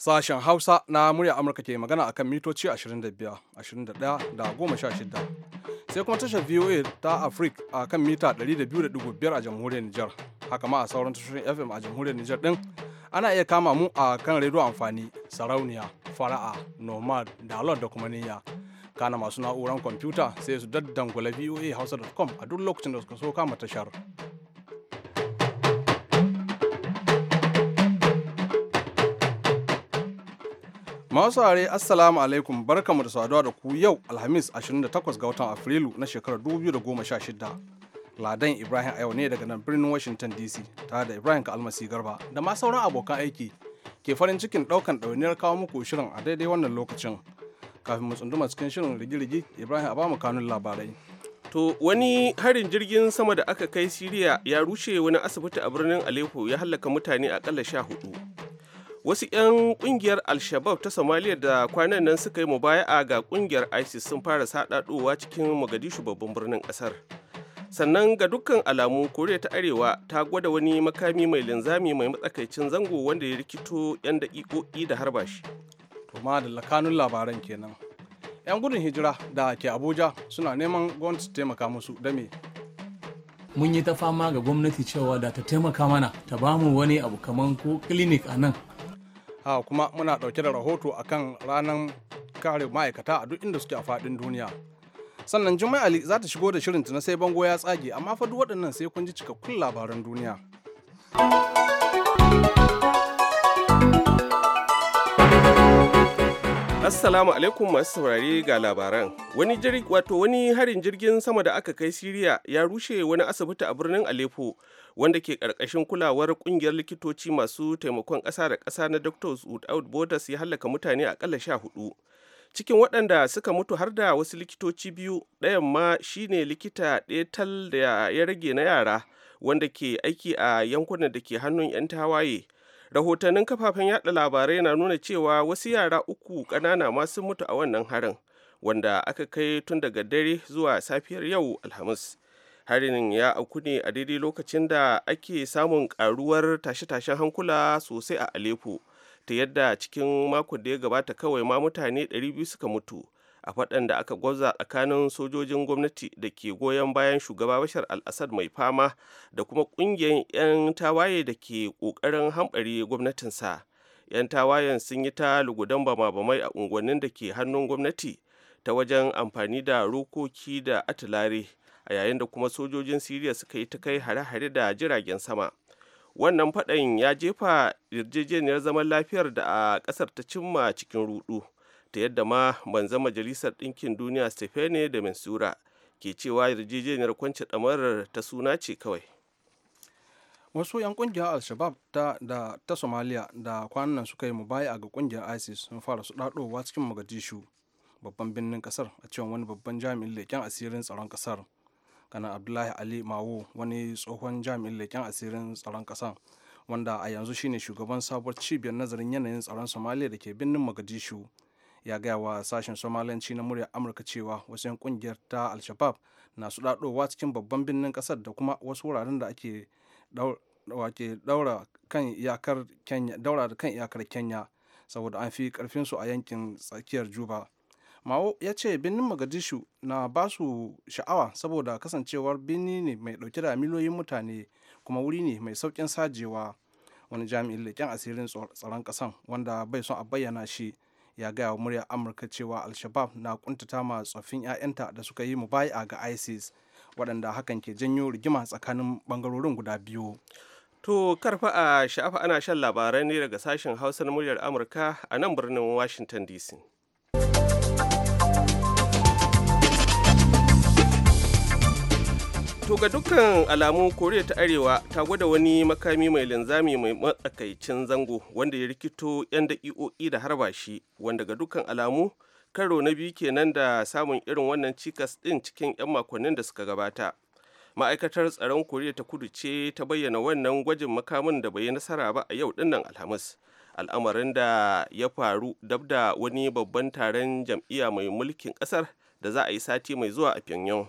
Sashen Hausa na murya Amurka ke magana akan mitoci 25, 21 da 16. Sai kuma tashar VOA ta Afrik a kan mita 200.5 a jamhuriyar Nijar. Haka ma a sauran tashoshin FM a jamhuriyar Nijar din ana iya kama mu a kan rediyo amfani sarauniya fara'a nomad dalor da kuma niyya kana masu na'urar kwamfuta sai su daddangula voa hausa.com a duk lokacin da suka so kama tashar. Masu are Assalamu alaikum barkamu da saduwa da ku yau Alhamis 28 ga watan Afrilu na shekarar 2016. Ladan Ibrahim a yau ne daga nan birnin Washington DC tare da Ibrahim ka almasi Garba da ma sauran abokan aiki ke farin cikin daukan ɗauniyar kawo muku shirin a daidai wannan lokacin. Kafin mu tsunduma cikin shirin rigirigi rigi Ibrahim a bamu kanun labarai. To wani harin jirgin sama da aka kai Siriya ya rushe wani asibiti a birnin Aleppo ya hallaka mutane akalla sha hudu. wasu 'yan kungiyar al-shabab ta somaliya da kwanan nan suka yi mu mubaya'a ga kungiyar isis sun fara sadadowa cikin mogadishu babban birnin kasar sannan ga dukkan alamu koriya ta arewa ta gwada wani makami mai linzami mai matsakaicin zango wanda ya rikito 'yan daƙiƙoƙi da harba shi da lakanun labaran kenan 'yan gudun hijira da ke abuja suna neman gwamnati taimaka musu da me mun yi ta fama ga gwamnati cewa da ta taimaka mana ta bamu wani abu kamar ko clinic a nan a kuma muna ɗauke da rahoto a kan ranar kare ma'aikata a duk inda suke a faɗin duniya sannan juma'a ali za ta shigo da shirinta na sai bango ya tsage amma fa duk waɗannan sai kun ji cikakkun labaran duniya Assalamu alaikum masu saurare ga labaran. Wani wato wani harin jirgin sama da aka kai Siriya ya rushe wani asibiti a birnin Aleppo wanda ke karkashin kulawar kungiyar likitoci masu taimakon kasa da kasa na Doctors Without Borders ya hallaka mutane a kalla sha hudu. Cikin waɗanda suka mutu har da wasu likitoci biyu ɗayan ma shine likita ɗaya tal da ya rage na yara wanda ke aiki a yankunan da ke hannun 'yan tawaye. rahotannin kafafen yada labarai na nuna cewa wasu yara uku ƙanana masu mutu a wannan harin wanda aka kai tun daga dare zuwa safiyar yau alhamis harin ya auku ne a daidai lokacin da ake samun karuwar tashe-tashen hankula sosai a aleppo ta yadda cikin mako da ya gabata kawai ma mutane 200 suka mutu a faɗan da aka gwaza tsakanin sojojin gwamnati da ke goyon bayan shugaba bashar al-assad mai fama da kuma ƙungiyar 'yan tawaye da ke ƙoƙarin hamɓari gwamnatinsa 'yan tawayen sun yi ta lugudan bama-bamai a unguwannin da ke hannun gwamnati ta wajen amfani da rokoki da atulare a yayin da kuma sojojin siriya suka yi ta kai hare-hare da jiragen sama wannan faɗan ya jefa yarjejeniyar zaman lafiyar da a ƙasar ta cimma cikin rudu. ta yadda ma zama majalisar ɗinkin duniya stefane da mensura ke cewa yarjejeniyar kwance ɗamarar ta suna ce kawai wasu 'yan kungiyar al-shabab ta, da, ta somalia da kwanan nan suka yi mu baya ga kungiyar isis sun fara su ɗaɗowa cikin mogadishu babban birnin kasar a cewa wani babban jami'in leƙen asirin tsaron kasar kana abdullahi ali mawo wani tsohon jami'in leken asirin tsaron kasar wanda a yanzu shine shugaban sabuwar cibiyar nazarin yanayin tsaron somalia da ke birnin mogadishu ya gaya wa sashen somalanci na muryar amurka cewa wasu 'yan kungiyar ta al-shabab na su daɗowa cikin babban birnin ƙasar da kuma wasu wuraren da ake daura daura da kan iyakar kenya saboda an fi karfinsu a yankin tsakiyar juba mao ya ce birnin magadishu na ba su sha'awa saboda kasancewar birni ne mai dauke da miliyoyin mutane kuma wuri ne mai saukin sajewa wani jami'in leƙen asirin tsaron ƙasan wanda bai son a bayyana shi ya gaya wa muryar amurka cewa al-shabab na kuntata ma tsoffin 'ya'yanta da suka yi mubaya ga isis waɗanda hakan ke janyo rigima tsakanin bangarorin guda biyu to karfa a sha'afa ana shan labarai ne daga sashen hausa na muryar amurka a nan birnin washington dc To ga dukkan alamu Koriya ta Arewa ta gwada wani makami mai linzami mai matsakaicin zango wanda ya rikito 'yan daƙiƙoƙi da harba shi wanda ga dukkan alamu karo na biyu kenan da samun irin wannan cikas ɗin cikin 'yan makonnin da suka gabata. Ma'aikatar tsaron Koriya ta kudu ce ta bayyana wannan gwajin makamin da bai yi nasara ba a yau dinnan Alhamis. Al'amarin da ya faru dab da wani babban taron jam'iyya mai mulkin ƙasar da za a yi sati mai zuwa a Pyongyang.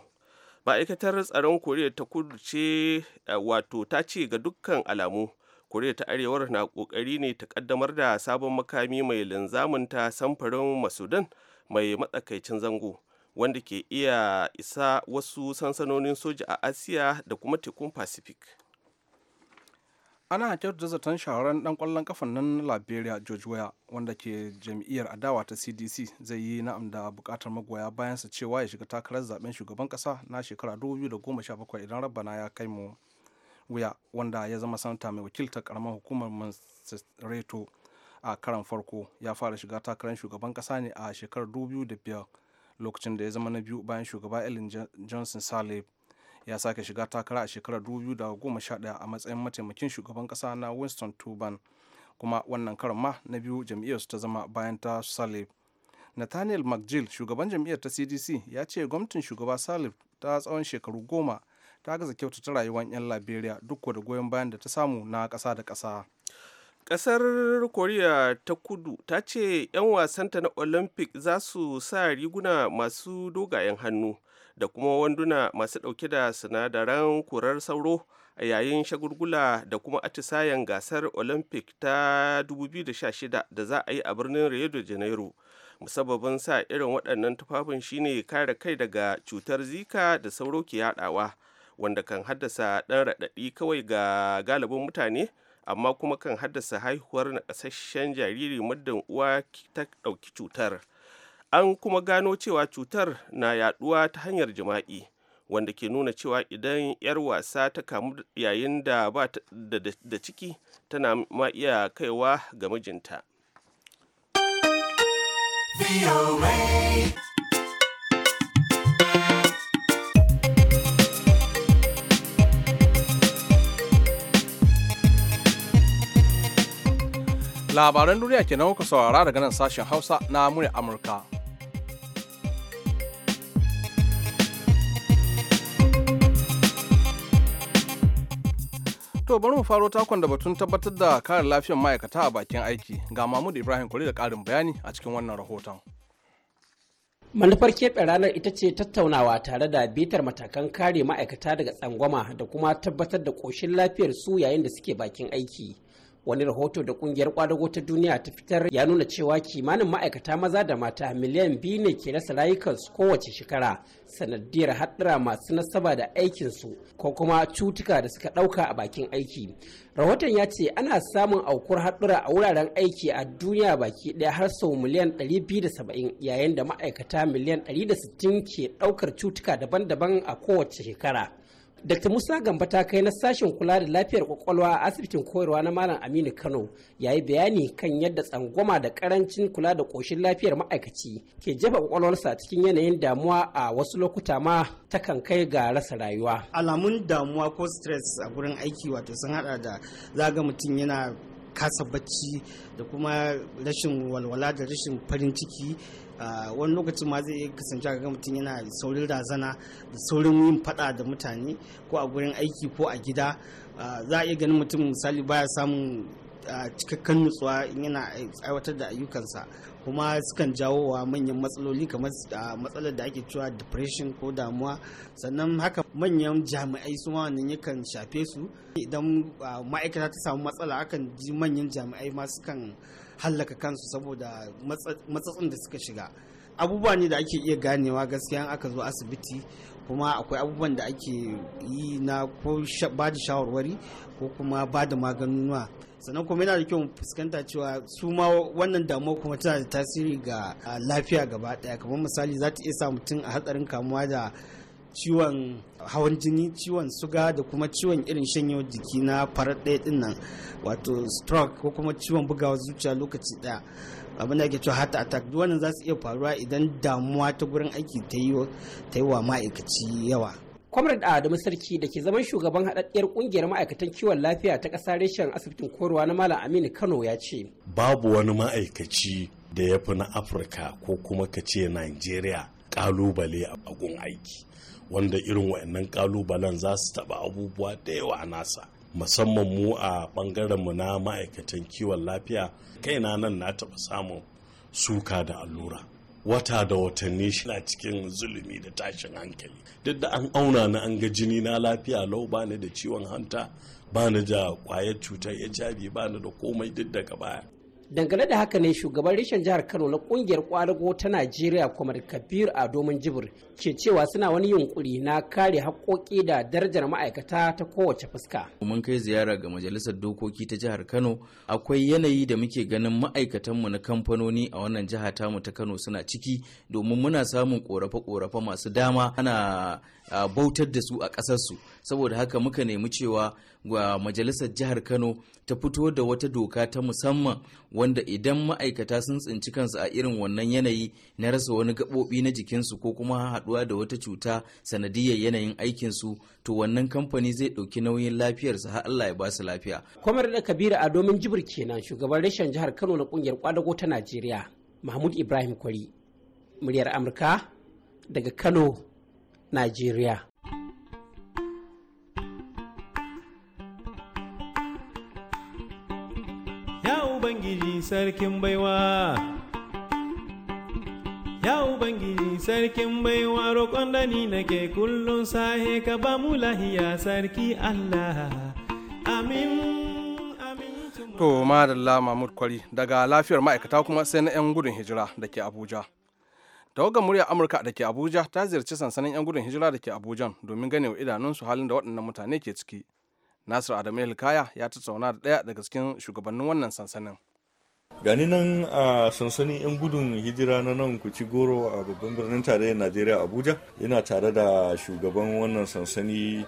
ma'aikatar tsaron koriya ta kudu ce eh, wato ta ce ga dukkan alamu koriya ta arewar na kokari ne ta kaddamar da sabon makami mai linzamin ta samfurin masudan mai matsakaicin zango wanda ke iya isa wasu sansanonin soja a asiya da kuma tekun pacific ana kyautata zaton shahararren dan kwallon kafan nan liberia george weah wanda ke jam'iyyar adawa ta cdc zai yi na'am da bukatar magoya bayan sa cewa ya shiga takarar zaben shugaban kasa na shekara 2017 idan rabana ya kai mu wuya wanda ya zama sanata mai wakiltar karamar hukumar reto a karan farko ya fara shiga takarar shugaban kasa ne a shekarar 2005 lokacin da ya zama na biyu bayan shugaba ellen johnson saleh ya sake shiga takara a shekarar 2011 a matsayin mataimakin shugaban kasa na winston tuban kuma wannan karon ma na biyu jam'iyyar su ta zama bayan ta salif nathaniel mcgill shugaban jam'iyyar ta cdc ya ce gwamnatin shugaba salif ta tsawon shekaru goma ta gaza kyautata rayuwar 'yan liberia duk da goyon bayan da ta samu na ƙasa da kasa. ƙasar koriya ta kudu ta ce 'yan wasanta na olympic za su sa riguna masu dogayen hannu da kuma wanduna masu ɗauke da sinadaran kurar sauro a yayin shagulgula da kuma atisayen gasar olympic ta 2016 da za a yi a birnin rio de janeiro musabbabin sa irin waɗannan tufafin shine kare kai daga cutar zika da sauro ke yaɗawa wanda kan haddasa ɗan raɗaɗi kawai ga galibin mutane amma kuma kan haddasa haihuwar naƙasasshen jariri muddin uwa ta ɗauki cutar an kuma gano cewa cutar na yaduwa ta hanyar jima'i wanda ke nuna cewa idan 'yar wasa ta kamu yayin da ba da ciki tana ma iya kaiwa ga mijinta labaran duniya kenan kuka saurara daga nan sashen hausa na murya amurka To bari mu faro takon da batun tabbatar da kare lafiyar ma'aikata a bakin aiki ga Mahmud Ibrahim kuri da ƙarin bayani a cikin wannan rahoton. manufar keɓe ranar ita ce tattaunawa tare da bitar matakan kare ma'aikata daga tsangwama da kuma tabbatar da ƙoshin lafiyar su yayin da suke bakin aiki wani rahoto da kungiyar kwadago ta duniya ta fitar ya nuna cewa kimanin ma'aikata maza da mata miliyan biyu ne ke rasa rayukansu kowace shekara sanadiyar haɗura masu nasaba da aikinsu ko kuma cutuka da suka ɗauka a bakin aiki rahoton ya ce ana samun aukuwar haɗura a wuraren aiki a duniya baki ɗaya har sau miliyan 270 yayin da ma'aikata miliyan 160 ke ɗaukar cutuka daban-daban a kowace shekara Dr. Musa Gamba ta kai na sashen kula da lafiyar kwakwalwa a asibitin koyarwa na Malam Aminu Kano ya yi bayani kan yadda tsangwama da karancin kula da koshin lafiyar ma'aikaci ke jefa kwakwalwarsa cikin yanayin damuwa a wasu lokuta ma ta kan kai ga rasa rayuwa. Alamun damuwa ko stress a gurin aiki wato sun hada da zaga mutum yana kasa bacci da kuma rashin walwala da rashin farin ciki wani lokacin ma zai kasance ga mutum yana saurin razana da saurin yin fada da mutane ko a gurin aiki ko a gida za a iya ganin mutum misali baya samun cikakken nutsuwa yana aiwatar da ayyukansa kuma sukan jawo wa manyan matsaloli kamar matsalar da ake cewa depression ko damuwa sannan haka manyan jami'ai su ma wannan yakan shafe su idan ma'aikata ta samu matsala akan ji manyan jami'ai ma sukan hallaka kansu saboda matsatsin da suka shiga abubuwa ne da ake iya ganewa gaskiya aka zo asibiti kuma akwai abubuwan da ake yi na ko ba da shawarwari ko kuma ba da maganunuwa sannan kuma yana da kyau fuskanta cewa su ma wannan damuwa kuma tana da tasiri ga lafiya gaba daya kamar misali za ta iya sa mutum a hatsarin kamuwa da ciwon hawan jini ciwon suga da kuma ciwon irin shanyo jiki na farat ɗaya din nan wato stroke ko kuma ciwon bugawa zuciya lokaci ɗaya abin da ake cewa heart attack duk wannan za su iya faruwa idan damuwa ta gurin aiki ta yi wa ma'aikaci yawa Comrade Adamu Sarki da ke zaman shugaban haɗaɗɗiyar ƙungiyar ma'aikatan kiwon lafiya ta ƙasa reshen asibitin Korowa na Malam Aminu Kano ya ce. Babu wani ma'aikaci da ya fi na Afirka ko kuma ka ce Najeriya ƙalubale a bagun aiki. wanda irin wa'annan kalubalen za su taɓa abubuwa da yawa a nasa musamman mu a mu na ma'aikatan kiwon lafiya kaina nan na taɓa samun suka da allura wata da watanni na cikin zulumi da tashin hankali duk da an auna na an ga jini na lafiya lau ba ni da ciwon hanta ba ni da kwayar cutar hiv ba da komai duk daga baya dangane da haka ne shugaban reshen jihar kano na kungiyar kwadago ta najeriya kwamar kabir a domin jibir ke cewa suna wani yunkuri na kare haƙoƙi da darajar ma'aikata ta kowace fuska mun kai ziyara ga majalisar dokoki ta jihar kano akwai yanayi da muke ganin ma'aikatanmu na kamfanoni a wannan jiha tamu ta kano suna ciki domin muna samun korafe-korafe masu dama ana bautar da su a ƙasarsu saboda haka muka nemi cewa majalisar jihar kano ta fito da wata doka ta musamman wanda idan ma'aikata sun tsinci kansu a irin wannan yanayi na rasa wani gaɓoɓi na jikinsu ko kuma haɗuwa da wata cuta sanadiyar yanayin aikinsu to wannan kamfani zai ɗauki nauyin lafiyarsu har Allah ya ba su lafiya. Kwamar da kabira a domin jibir kenan shugaban reshen jihar Kano na ƙungiyar kwadago ta Najeriya Mahmud Ibrahim Kwari muryar Amurka daga Kano Najeriya. Ya Ubangiji sarkin baiwa, ya Ubangiji sarkin baiwa roƙon da ni nake kullum sahe ka ba mu lahiya sarki Allah. Amin. To, Madalla Mahmud Kwari daga lafiyar ma'aikata kuma sai na 'yan gudun hijira da ke Abuja. tawagar muryar amurka da ke abuja ta ziyarci sansanin 'yan gudun hijira da ke abuja domin gane wa idanunsu halin da waɗannan mutane ke ciki nasir adamu kaya ya tattauna da ɗaya daga cikin shugabannin wannan sansanin gani nan a sansanin 'yan gudun hijira na nan kuci goro a babban birnin tarayyar najeriya abuja yana tare da shugaban wannan sansani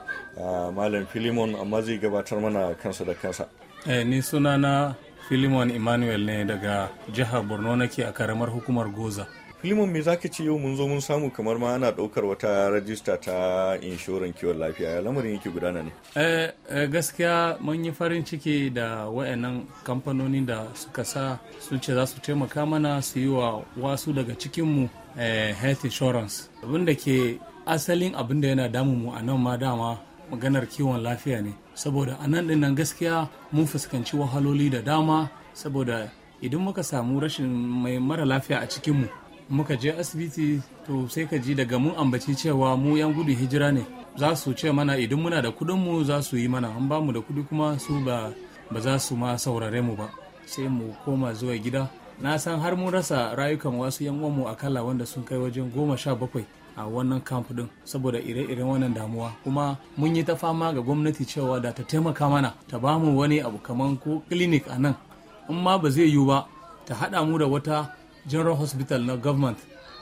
malam filimon amma zai gabatar mana kansa da kansa eh, ni sunana filimon emmanuel ne daga jihar borno nake a karamar hukumar goza filimin me zaka ce yau mun zo mun samu kamar ma ana ɗaukar wata rajista ta inshoran kiwon lafiya ya lamarin yake gudana ne? Eh, eh, gaskiya mun yi farin ciki da wayannan kamfanoni da suka sa sun ce za su taimaka mana su yi wa wasu daga cikinmu eh, health insurance. Abin ke asalin abin da yana damu mu a nan ma dama maganar kiwon lafiya ne. Saboda a nan ɗin gaskiya mun fuskanci wahaloli da dama saboda idan muka samu rashin mai mara lafiya a cikinmu muka je asibiti to sai ka ji daga mun ambaci cewa mu yan gudun hijira ne za su ce mana idan muna da kudin mu za su yi mana an ba mu da kudi kuma su ba ba za su ma saurare mu ba sai mu koma zuwa gida na san har mun rasa rayukan wasu yan uwanmu kala wanda sun kai wajen goma sha bakwai a wannan kamf din saboda ire-iren wannan damuwa kuma mun yi ta fama ga gwamnati cewa da ta taimaka mana ta ba mu wani abu kaman ko clinic a nan in ma ba zai yiwu ba ta haɗa mu da wata general hospital na government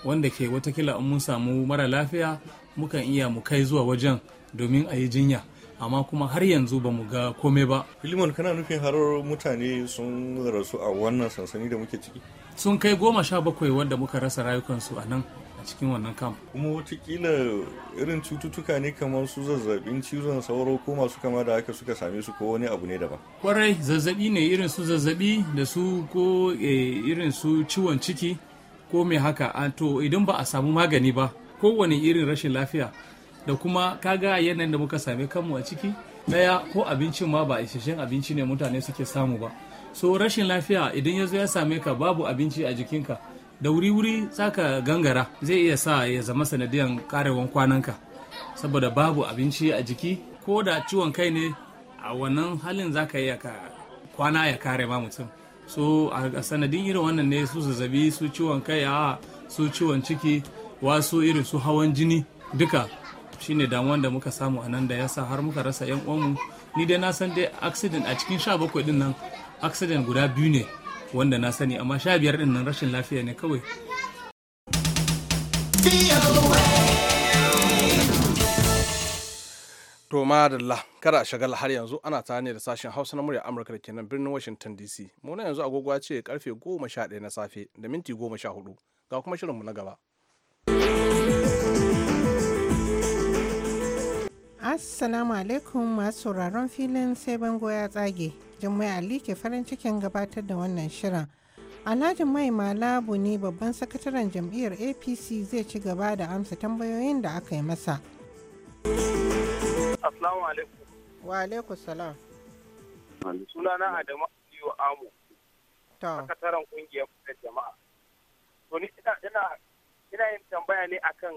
wanda ke watakila mun samu mara lafiya mukan iya mu kai zuwa wajen domin a yi jinya amma kuma har yanzu ba mu ga komai ba. Filimon kana nufin har mutane sun rasu a wannan sansani da muke ciki? Sun kai goma sha bakwai wanda muka rasa rayukansu a nan a cikin wannan kam kuma watakila irin cututtuka ne kamar su zazzabin cizon sauro ko masu kama da haka suka same su ko wani abu ne daban kwarai zazzabi ne irin su zazzabi da su ko eh, irin su ciwon ciki ko mai haka to idan ba a samu magani ba kowane irin rashin lafiya da kuma kaga yanayin da muka same kanmu a ciki daya ko abincin ma ba isasshen abinci ne mutane suke samu ba so rashin lafiya idan ya zo ya same ka babu abinci a jikinka da wuri-wuri zaka gangara zai iya sa ya zama sanadiyan karewan kwananka saboda babu abinci a jiki ko da ciwon kai ne a wannan halin zaka iya ka kwana ya kare ma mutum so a sanadin irin wannan ne su zazzabi su ciwon kai a su ciwon ciki wasu irin su hawan jini duka shine damuwan da muka samu a nan da yasa har muka rasa yan uwanmu ni dai na san dai accident a cikin 17 din nan accident guda biyu ne wanda na sani amma sha biyar din nan rashin lafiya ne kawai To madalla kada a shagala har yanzu ana ta ne da sashen Hausa na murya Amurka da ke nan birnin Washington DC. Muna yanzu agogo ce karfe goma sha ɗaya na safe da minti goma sha hudu ga kuma shirinmu na gaba. Assalamu alaikum masu sauraron filin sai bango ya tsage. Jummai Ali ke farin cikin gabatar da wannan shirin. Alhaji Mai Malabu ne babban sakataren jam'iyyar APC zai ci gaba da amsa tambayoyin da aka yi masa. Assalamu alaikum. Wa alaikum salam. Sunana Adamu Aliyu Amu. Sakataren kungiyar da jama'a. To ni ina yin tambaya ne akan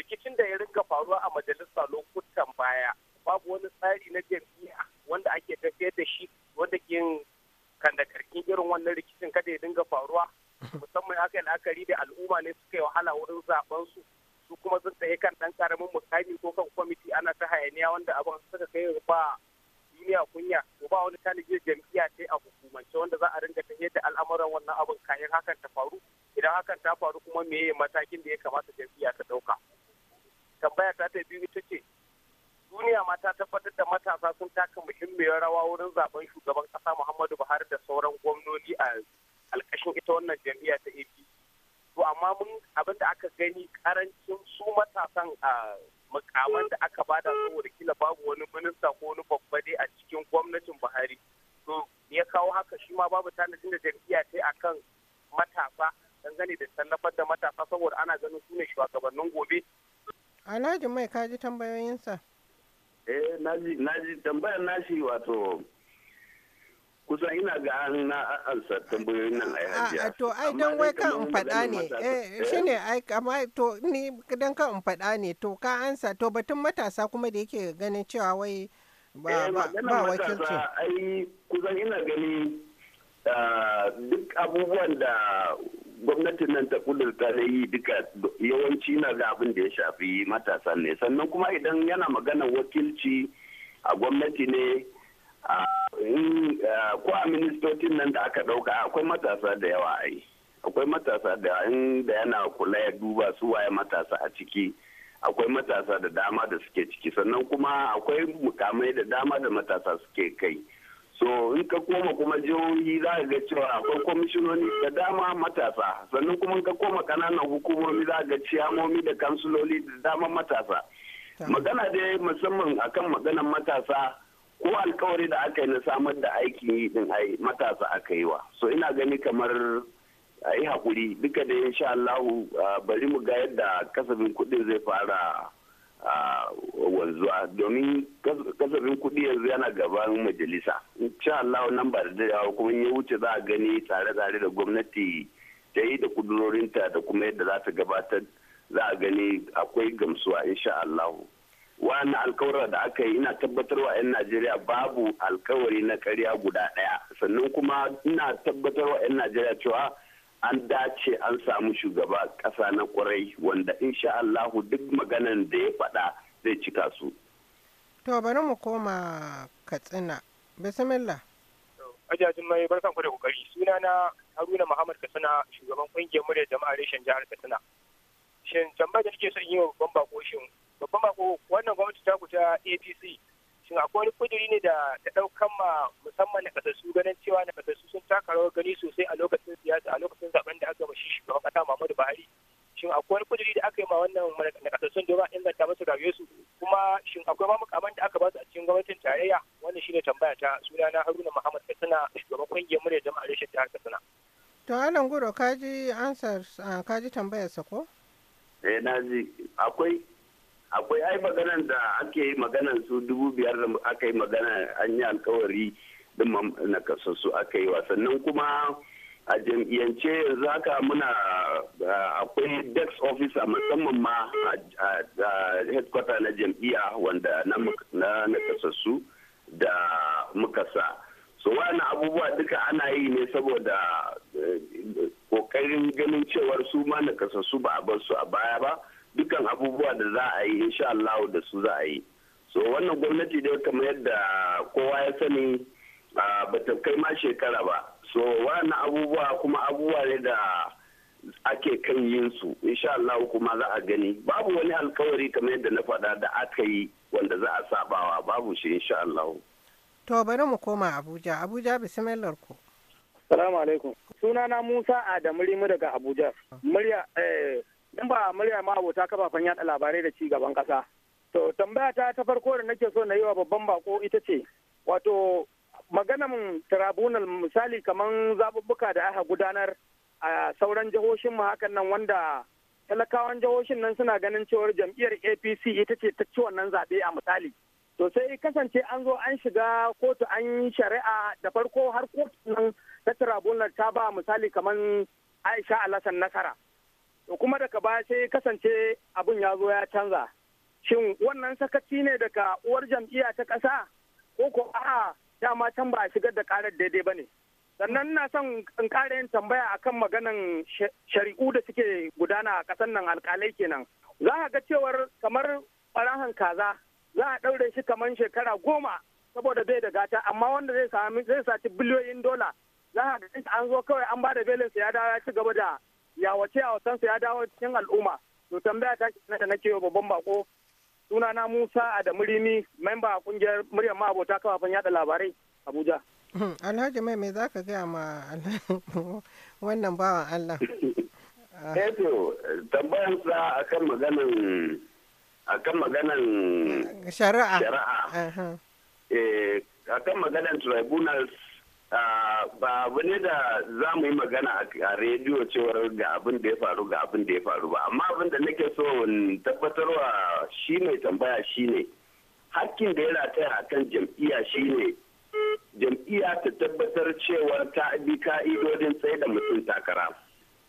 rikicin da ya ringa faruwa a majalisa lokuta su ne shugabannin gobe alhaji mai kaji tambayoyinsa eh na ji tambayar nashi wato kusan ina ga an na ansa tambayoyin nan ai hajiya. To ai dan wai kan in faɗa ne. Eh, eh? ne ai kama to ni dan kan in faɗa ne to ka ansa to batun matasa kuma da yake ganin cewa wai ba eh, ba wakilci. Ai kusan ina gani ah, duk abubuwan da gwamnatin nan ta kudurta da yi duka yawanci na ga abin da ya shafi matasan ne sannan kuma idan yana magana wakilci a gwamnati ne ko a ministocin nan da aka dauka akwai matasa da yawa ai akwai matasa da inda yana kula ya duba su waye matasa a ciki akwai matasa da dama da suke ciki sannan kuma akwai mukamai da dama da matasa suke kai so in ka koma kuma jihohi za ga cewa akwai kwamishinoni da dama matasa sannan kuma in ka koma kananan hukumomi za ga ciyamomi da kansuloli da dama matasa magana dai musamman akan maganan matasa ko alkawari da aka yi na samar da aiki yi din ai matasa aka yi wa so ina gani kamar a yi haƙuri duka da insha Allahu bari mu ga yadda kasafin kuɗin zai fara wanzuwa domin kasafin kuɗi yanzu yana gaban majalisa insha Allah nan ba da yawa kuma ya wuce za a gani tare-tare da gwamnati ta yi da kudurorinta da kuma yadda za ta gabatar za a gani akwai gamsuwa insha Allah wani alkawarar da aka yi ina tabbatarwa 'yan najeriya babu alkawari na karya guda ɗaya sannan kuma ina tabbatarwa 'yan najeriya cewa an dace an samu shugaba kasa na kwarai wanda insha Allahu duk maganan da ya faɗa zai cika su. To bari mu koma Katsina. Bismillah. Ajajin mai barkan kwarai kokari. Suna na Haruna Muhammad Katsina shugaban kungiyar murya jama'a reshen jihar Katsina. Shin tambayar da nake son yi wa babban bako shin babban bako wannan gwamnati ta ku ta APC shin akwai wani kuduri ne da ta ɗaukan ma musamman nakasassu ganin cewa nakasassu sun taka rawar gani sosai a lokacin siyasa a lokacin zaben da aka mashi shugaban ƙasa Muhammadu Buhari shin akwai wani kuduri da aka yi ma wannan nakasassun domin a inganta musu su? kuma shin akwai ma mukaman da aka ba su a cikin gwamnatin tarayya wannan shine tambaya ta sunana Haruna Muhammad Katsina shugaban kungiyar murya jama'a reshen ta Katsina. To Alan Guro kaji ansar ah, kaji sa ko? Eh na ji akwai akwai ai maganan da ake yi maganan su dubu biyar da aka yi magana an yi alkawari da na kasassu aka yi wasannin kuma a jam'iyyance yanzu haka muna akwai dex officer musamman ma a headquarter na jam'iyya wanda na nakasassu da muka sa so wani abubuwa duka ana yi ne saboda eh, kokarin ganin cewar su ma nakasassu ba a bar su a baya ba da za a yi insha Allah da su za a yi so wannan gwamnati dai kamar yadda kowa ya sani ba ta kai ma shekara ba so wannan abubuwa kuma abubuwa ne da ake kan yin su insha Allah kuma za a gani babu wani alkawari kamar yadda na faɗa da aka yi wanda za a sabawa babu shi insha Allah to bari mu koma Abuja Abuja bismillah ku Salamu alaikum. Sunana Musa Adamu Rimu daga Abuja. Murya eh, in ba murya ma abota kafafen yada labarai da ci gaban kasa to tambaya ta ta farko da nake so na yi wa babban bako ita ce wato maganan tribunal misali kaman zabubbuka da aka gudanar a sauran jihohin mu hakan nan wanda talakawan jihohin nan suna ganin cewar jam'iyyar apc ita ce ta ci wannan zaɓe a misali to sai kasance an zo an shiga kotu an yi shari'a da farko har kotu nan ta tribunal ta ba misali kaman aisha alasan nasara to kuma daga baya sai kasance abin ya zo ya canza shin wannan sakaci ne daga uwar jam'iyya ta ƙasa ko ko a'a dama can ba a shigar da karar daidai ba ne sannan na son in ƙara yin tambaya akan maganan shari'u da suke gudana a ƙasar nan alƙalai kenan za a ga cewar kamar ɓarahan kaza za a ɗaure shi kamar shekara goma saboda bai da gata amma wanda zai sami zai saci biliyoyin dola za a ga an zo kawai an ba da belinsa ya dawo ya ci gaba da ya wace a watan ya dawo cikin al'umma to tambaya ta na da nake babban bako suna na Musa Adamu Rimi memba a kungiyar muryar ma'abota kafafen yada labarai Abuja hmm, Alhaji mai me zaka gaya ma wannan bawan Allah Eh to tambayar sa akan maganan akan maganan shari'a shari'a eh akan maganan tribunals Ah, ba abu ne da za mu yi magana a rediyo cewar ga abin da ya faru ga abin da ya faru ba amma abin da nake so in tabbatarwa shi ne tambaya shi ne. hakkin da ya rataya a kan jam'iyya ne. jam'iyya ta tabbatar cewar ta bi ka'idodin tsaye da mutum takara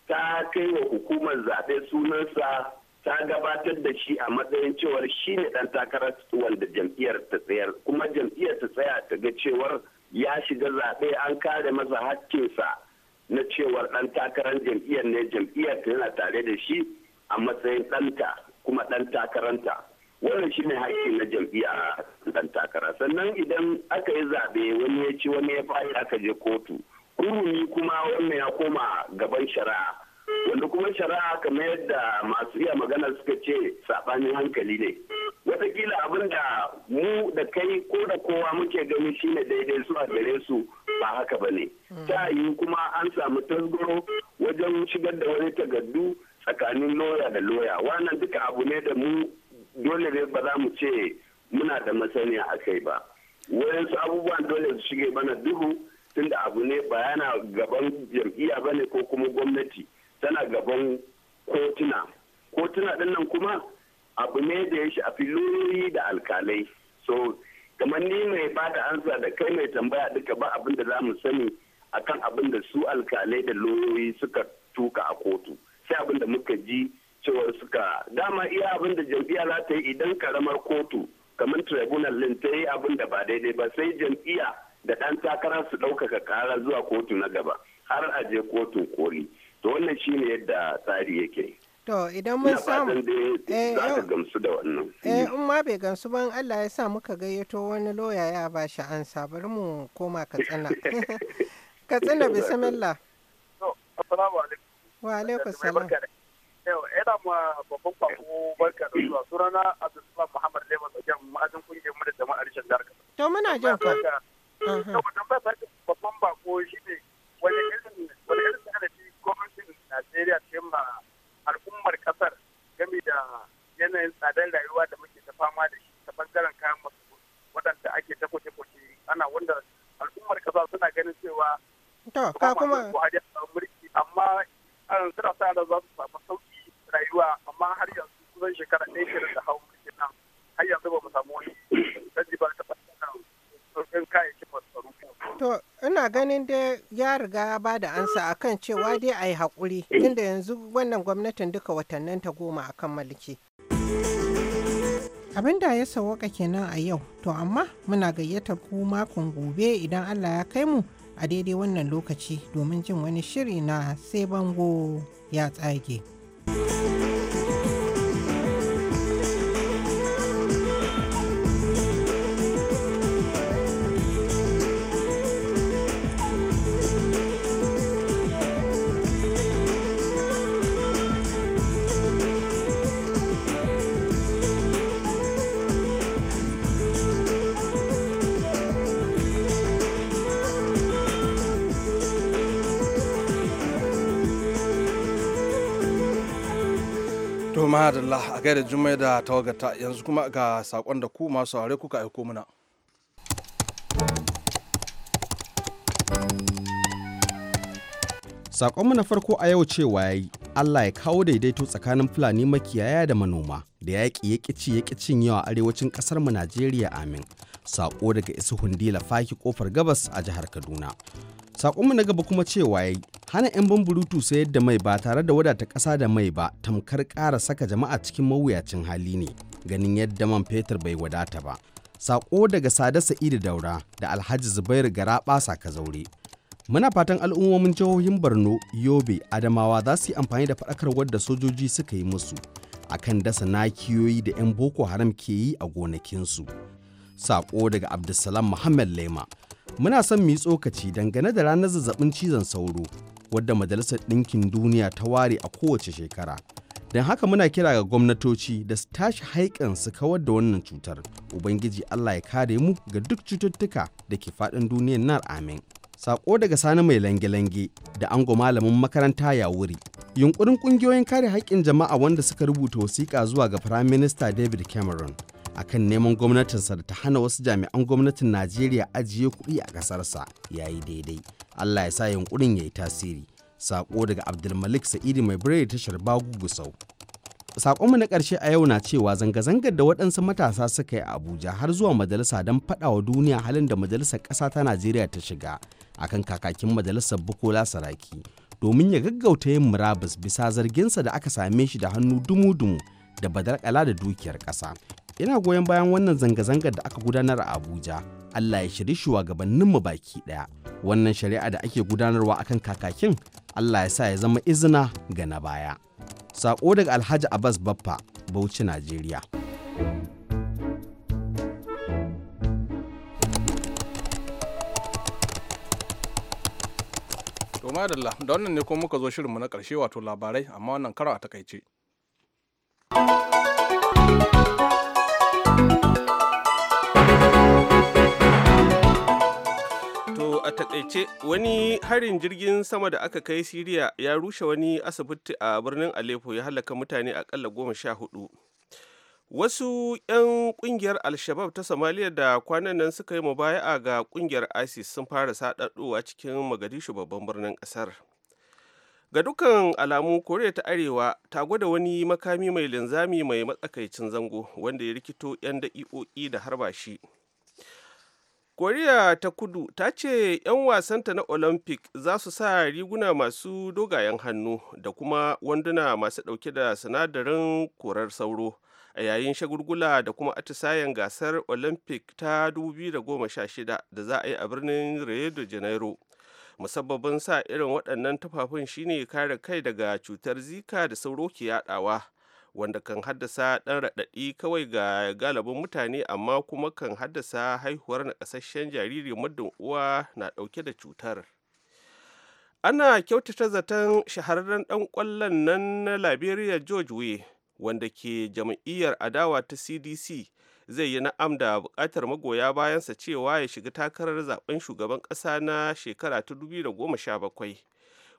ta kai wa hukumar zaɓe sunansa ta gabatar da shi a matsayin cewar shi ne ɗan takarar wanda jam'iyyar ta tsayar kuma jam'iyyar ta tsaya ta ga cewar ya shiga zaɓe an kare masa haƙƙinsa na cewar ɗan takarar jam'iyyar ne jam'iyyar tana tare da shi a matsayin ɗanta kuma ɗan takaranta wannan shi ne haƙƙi na jam'iyya ɗan takara sannan idan aka yi zaɓe wani ya ci wani ya faɗi aka je kotu kurumi kuma wannan ya koma gaban shari'a wanda kuma shari'a kamar yadda masu iya magana suka ce saɓanin hankali ne watakila abin da mu da kai ko da kowa muke gani shine daidai su a gare su ba haka ba ne hmm. ta yi kuma an samu tasgoro wajen shigar da wani tagaddu tsakanin loya da loya wannan duka abu ne da mu dole ne ba za mu ce muna da masaniya a kai ba wayan su abubuwan dole su shige mana duhu tunda abu ne bayana gaban jam'iyya ba ne ko kuma gwamnati tana gaban kotuna kotuna ɗin nan kuma abu ne da ya shafi lauyoyi da alkalai so kamar ni mai ba da ansa da kai mai tambaya duka ba abin da za mu sani akan abin da su alkalai da lauyoyi suka tuka a kotu sai abin da muka ji cewa suka dama iya abin da jam'iyya za ta yi idan karamar kotu kamar tribunal din ta yi abin da ba daidai ba sai jam'iyya da ɗan takara su ɗaukaka kara zuwa kotu na gaba har a je kotun koli to wannan shine yadda tsari yake To idan mun samu eh gamsu da wannan. Eh mm. in ma bai gamsu ban Allah ya sa muka gayyato wani loya ya ba shi an sabar mu koma Katsina. Katsina bismillah. To assalamu alaikum. Wa alaikum salam. Yau ina ma babban kwako barka da zuwa sunana Abdulsalam Muhammad Lema da Sojan ma'azin kungiyar mu da jama'ar Shandar. To muna jin ka. To Yau ba sai babban bako shine wani irin wani irin tanadi gwamnatin Najeriya ce ma al'ummar kasar game da yanayin tsadar rayuwa da muke ta fama da shi ta bangaren kayan masu waɗanda ake ta kwace-kwace ana wanda al'ummar kasa suna ganin cewa to ka kuma amma eh, an sa da za su samu sauki rayuwa amma har ganin dai ya riga ya ba da ansa akan cewa dai a yi haƙuri tunda yanzu wannan gwamnatin duka watannin ta goma a akan mulki. Abin da ya sawaka kenan a yau, to amma muna gayyata ku makon gobe idan Allah ya kai mu a daidai wannan lokaci domin jin wani shiri na sai bango ya tsage. To mahadallah a gaida jumai da tawagata yanzu kuma ga sakon da ku masu aure kuka aiko mana. Sakonmu na farko a yau cewa yayi Allah ya kawo daidaito tsakanin Fulani makiyaya da manoma da yaƙi ya ƙici ya ƙicin yawa arewacin ƙasar mu Najeriya amin. Sako daga isuhundila Hundila Faki kofar gabas a jihar Kaduna. Sakonmu na gaba kuma cewa yayi hana 'yan bamburutu sayar da mai ba tare da wadata ƙasa da mai ba tamkar ƙara saka jama'a cikin mawuyacin hali ne ganin yadda man fetur bai wadata ba. saƙo daga Sada Sa'idu Daura da Alhaji Zubairu gara ka zaure Muna fatan al'ummomin jihohin Borno, Yobe, Adamawa za su yi amfani da faɗakar wadda sojoji suka yi musu akan dasa nakiyoyi da 'yan Boko Haram ke yi a gonakinsu. saƙo daga Abdulsalam Muhammad Lema. Muna son mu yi tsokaci dangane da ranar zazzabin cizon sauro wadda Majalisar Ɗinkin Duniya ta ware a kowace shekara. Don haka muna kira ga gwamnatoci da su tashi haikan su kawar da wannan cutar. Ubangiji Allah ya kare mu ga duk cututtuka da ke faɗin duniyar nan amin. Sako daga sani mai lange-lange da ango malamin makaranta ya wuri. Yunkurin ƙungiyoyin kare haƙƙin jama'a wanda suka rubuta wasiƙa zuwa ga Firayim Minista David Cameron akan neman gwamnatinsa da ta hana wasu jami'an gwamnatin Najeriya ajiye kuɗi a ƙasarsa ya yi daidai. Allah ya sa yunƙurin ya yi tasiri. Saƙo daga Abdulmalik Sa'idi mai biredi tashar Bagu Gusau. Saƙonmu na ƙarshe a yau na cewa zanga-zangar da waɗansu matasa suka yi a Abuja har zuwa majalisa don faɗawa duniya halin da majalisar ƙasa ta Najeriya ta shiga akan kakakin majalisar Bukola Saraki domin ya gaggauta yin murabus bisa zarginsa da aka same shi da hannu dumu-dumu da badar-kala da dukiyar ƙasa yana goyon bayan wannan zanga-zangar da aka gudanar a abuja allah ya shiri shugabanninmu baki daya wannan shari'a da ake gudanarwa akan kakakin allah ya sa ya zama izina ga na baya sako daga alhaji abbas baffa bauchi najeriya to madalla da wannan ne kuma muka zo shirinmu na karshe wato labarai amma wannan kara a takaice. a takaice wani harin jirgin sama da aka kai Siriya ya rushe wani asibiti a birnin Aleppo ya halaka mutane akalla goma sha hudu. Wasu 'yan kungiyar Alshabab ta Somalia da kwanan nan suka yi mubaya'a ga kungiyar ISIS sun fara saɗaɗowa cikin Magadishu babban birnin kasar Ga dukkan alamu Koriya ta Arewa ta gwada wani makami mai linzami mai matsakaicin zango wanda ya rikito 'yan da'i'o'i da harba shi. koriya ta kudu ta ce 'yan wasanta na olympic za su sa riguna masu dogayen hannu da kuma wanduna masu ɗauke da sinadarin korar sauro a yayin shagulgula da kuma atisayen gasar olympic ta 2016 da za a yi a birnin rio de janeiro musabbabin sa irin waɗannan tufafin shine kare kai daga cutar zika da sauro ke yaɗawa. wanda kan haddasa ɗan raɗaɗi kawai ga galibin mutane amma kuma kan haddasa haihuwar naƙasasshen jariri muddin uwa na ɗauke da cutar ana kyautata zaton shahararren ɗan ƙwallon nan na liberia george way wanda ke jam'iyyar adawa ta cdc zai yi na'am da buƙatar magoya bayansa cewa ya shiga takarar zaben shugaban ƙasa na shekara ta 2017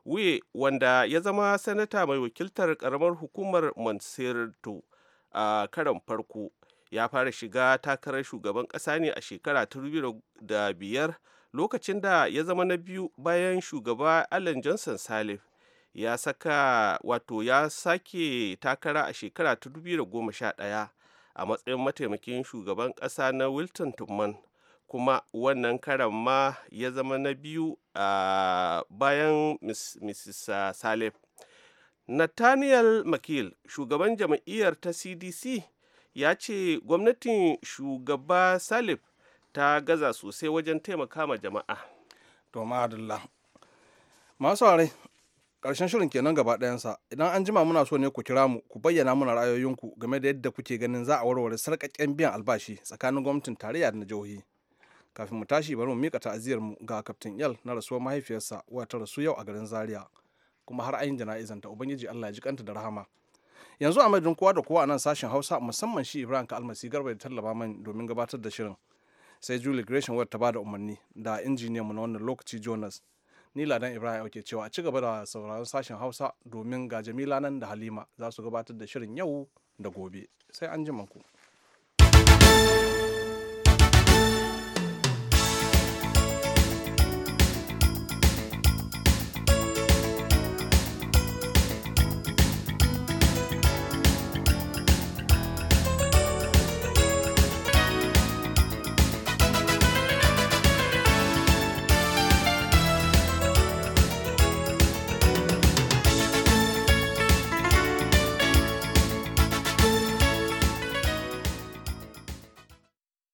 Wuye wanda ya zama sanata mai wakiltar karamar hukumar Monserrato a karon farko ya fara shiga takarar shugaban kasa ne a shekara ta biyar lokacin da ya zama na biyu bayan shugaba Allen Johnson Salif ya saka wato ya sake takara a shekara ta 2011 a matsayin mataimakin shugaban kasa na Wilton Tumman. kuma wannan karan ma ya zama na biyu a ah, bayan mrs ah, saleh nathaniel mckeel shugaban jam'iyyar ta cdc ya ce gwamnatin shugaba salif ta gaza sosai wajen taimaka ma jama'a to ma'adalla masu ware ƙarshen shirin kenan gaba ɗayansa idan an jima muna so ne ku kira mu ku bayyana muna ra'ayoyinku game da yadda kuke ganin za a warware sarƙaƙƙen biyan albashi tsakanin gwamnatin tarayya da na jihohi kafin mu tashi bari mu mika ta'aziyar mu ga kaftin yal na rasuwar mahaifiyarsa wata rasu yau a garin zaria kuma har ayin jana'izanta ubangiji allah ya ji kanta da rahama yanzu a madadin kowa da kowa a nan sashen hausa musamman shi ibrahim ka almasi garba da tallaba man domin gabatar da shirin sai julie gresham wadda ta da umarni da injiniyan mu na wannan lokaci jonas ni ladan ibrahim ke cewa a ci gaba da sauraron sashen hausa domin ga jamila nan da halima za su gabatar da shirin yau da gobe sai an ku.